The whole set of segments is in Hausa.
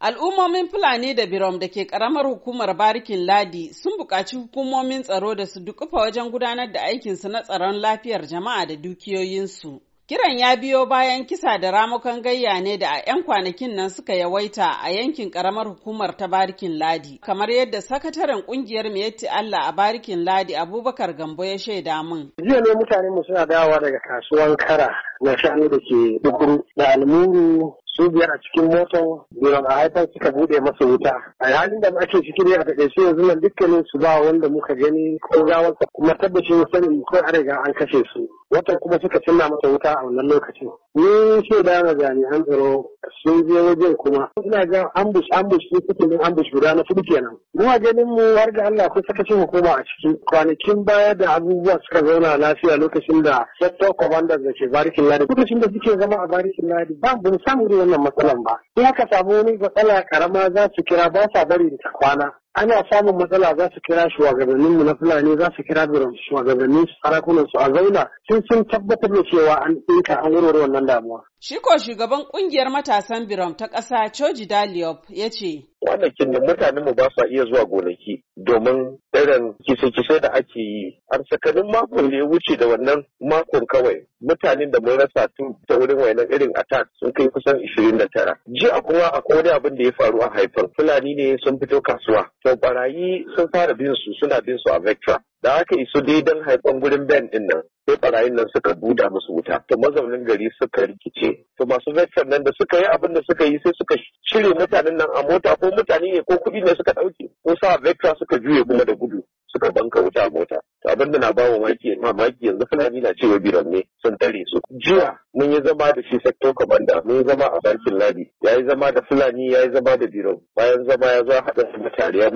Al'ummomin Fulani da Birom da ke karamar hukumar Barikin Ladi sun buƙaci hukumomin tsaro da su dukufa wajen gudanar da aikinsu na tsaron lafiyar jama'a da dukiyoyinsu. Kiran ya biyo bayan kisa da ramukan gayya ne da a 'yan kwanakin nan suka yawaita a yankin karamar hukumar ta Barikin Ladi, kamar yadda sakataren kungiyar Miyatti Allah a Barikin Ladi Abubakar Gambo ya shaida min. Jiya ne mutane mu suna dawowa daga kasuwan kara na shanu da ke dukuru da almuru su biyar a cikin motar biyar a haifar suka bude masa wuta a halin da ake ciki ne a takaice yanzu nan dukkanin su ba wanda muka gani ko gawarsa kuma tabbacin sanin ko a riga an kashe su wata kuma suka cinna mata wuta a wannan lokacin ni ce da jami'an tsaro sun je wajen kuma ina ga ambush ambush ne suke ambush guda na fudu kenan mu a ganin mu har ga Allah ko saka cin hukuma a cikin. kwanakin baya da abubuwa suka zauna lafiya lokacin da sector commanders da ke barikin ladi lokacin da suke zama a barikin ladi ba mu samu wannan matsalan ba in aka samu wani matsala karama za su kira ba sa bari da kwana ana samun matsala za su kira shugabannin na fulani za su kira biran shugabannin sarakunan su a zauna sun sun tabbatar da cewa an dinka an warware wannan damuwa. Shi ko shugaban kungiyar matasan biram ta ƙasa Choji Daliop ya ce kwanakin nan mutanen mu ba sa iya zuwa gonaki domin irin kise-kise da ake yi a tsakanin makon da ya wuce da wannan makon kawai mutanen da mun rasa tun ta wurin wayannan irin attack sun kai kusan 29 jiya kuma akwai wani abin da ya faru a haifar fulani ne sun fito kasuwa to barayi sun fara bin su suna bin su a vectra da aka iso dai don haifan gurin ben din nan sai barayin nan suka buda musu wuta to mazaunin gari suka rikice to masu vector nan da suka yi abin da suka yi sai suka cire mutanen nan a mota ko mutane ne ko kuɗi ne suka ɗauke ko sa vector suka juye kuma da gudu suka banka wuta a mota to abin da na ba maki mamaki yanzu fulani na cewa biran ne sun tare su jiya mun yi zama da shi sector commander mun yi zama a bankin ladi ya yi zama da fulani ya yi zama da biran bayan zama ya zo haɗa su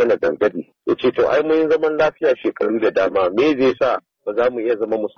mana dangane ya ce to ai mun yi zaman lafiya shekaru da dama me zai sa ba za mu iya zama mu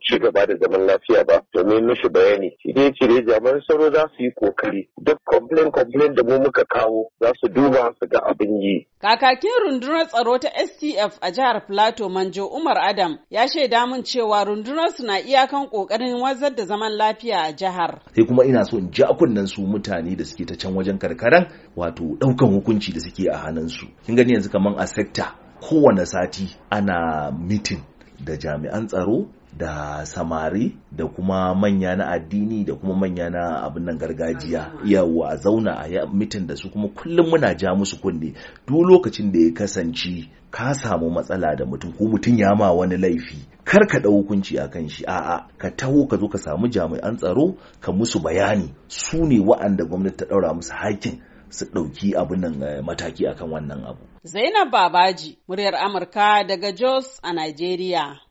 ci gaba da zaman lafiya ba domin mishi bayani cire cire jami'an tsaro za su yi kokari duk complain complain da mu muka kawo za su duba su ga abin yi kakakin rundunar tsaro ta STF a jihar Plateau Manjo Umar Adam ya shaida min cewa rundunar su na iyakan kokarin wazar da zaman lafiya a jihar sai kuma ina so in ji kunnen su mutane da suke ta can wajen karkaran wato daukan hukunci da suke a hannun su kin gani yanzu kaman a sekta? kowane sati ana mitin da jami'an tsaro da samari da kuma manya na addini da kuma manya na abin nan gargajiya yawa a zauna a yi mitin da su kuma kullum muna ja musu kunne duk lokacin da ya kasance ka samu matsala da mutum ko mutum ya ma wani laifi kar ka ɗau hukunci a kan shi a'a ka taho ka zo ka samu jami'an tsaro ka musu bayani su ne wa'anda gwamnati ta ɗaura musu hakin su ɗauki abin nan eh, mataki akan wannan abu. Zainab Babaji, muryar Amurka daga Jos a Najeriya.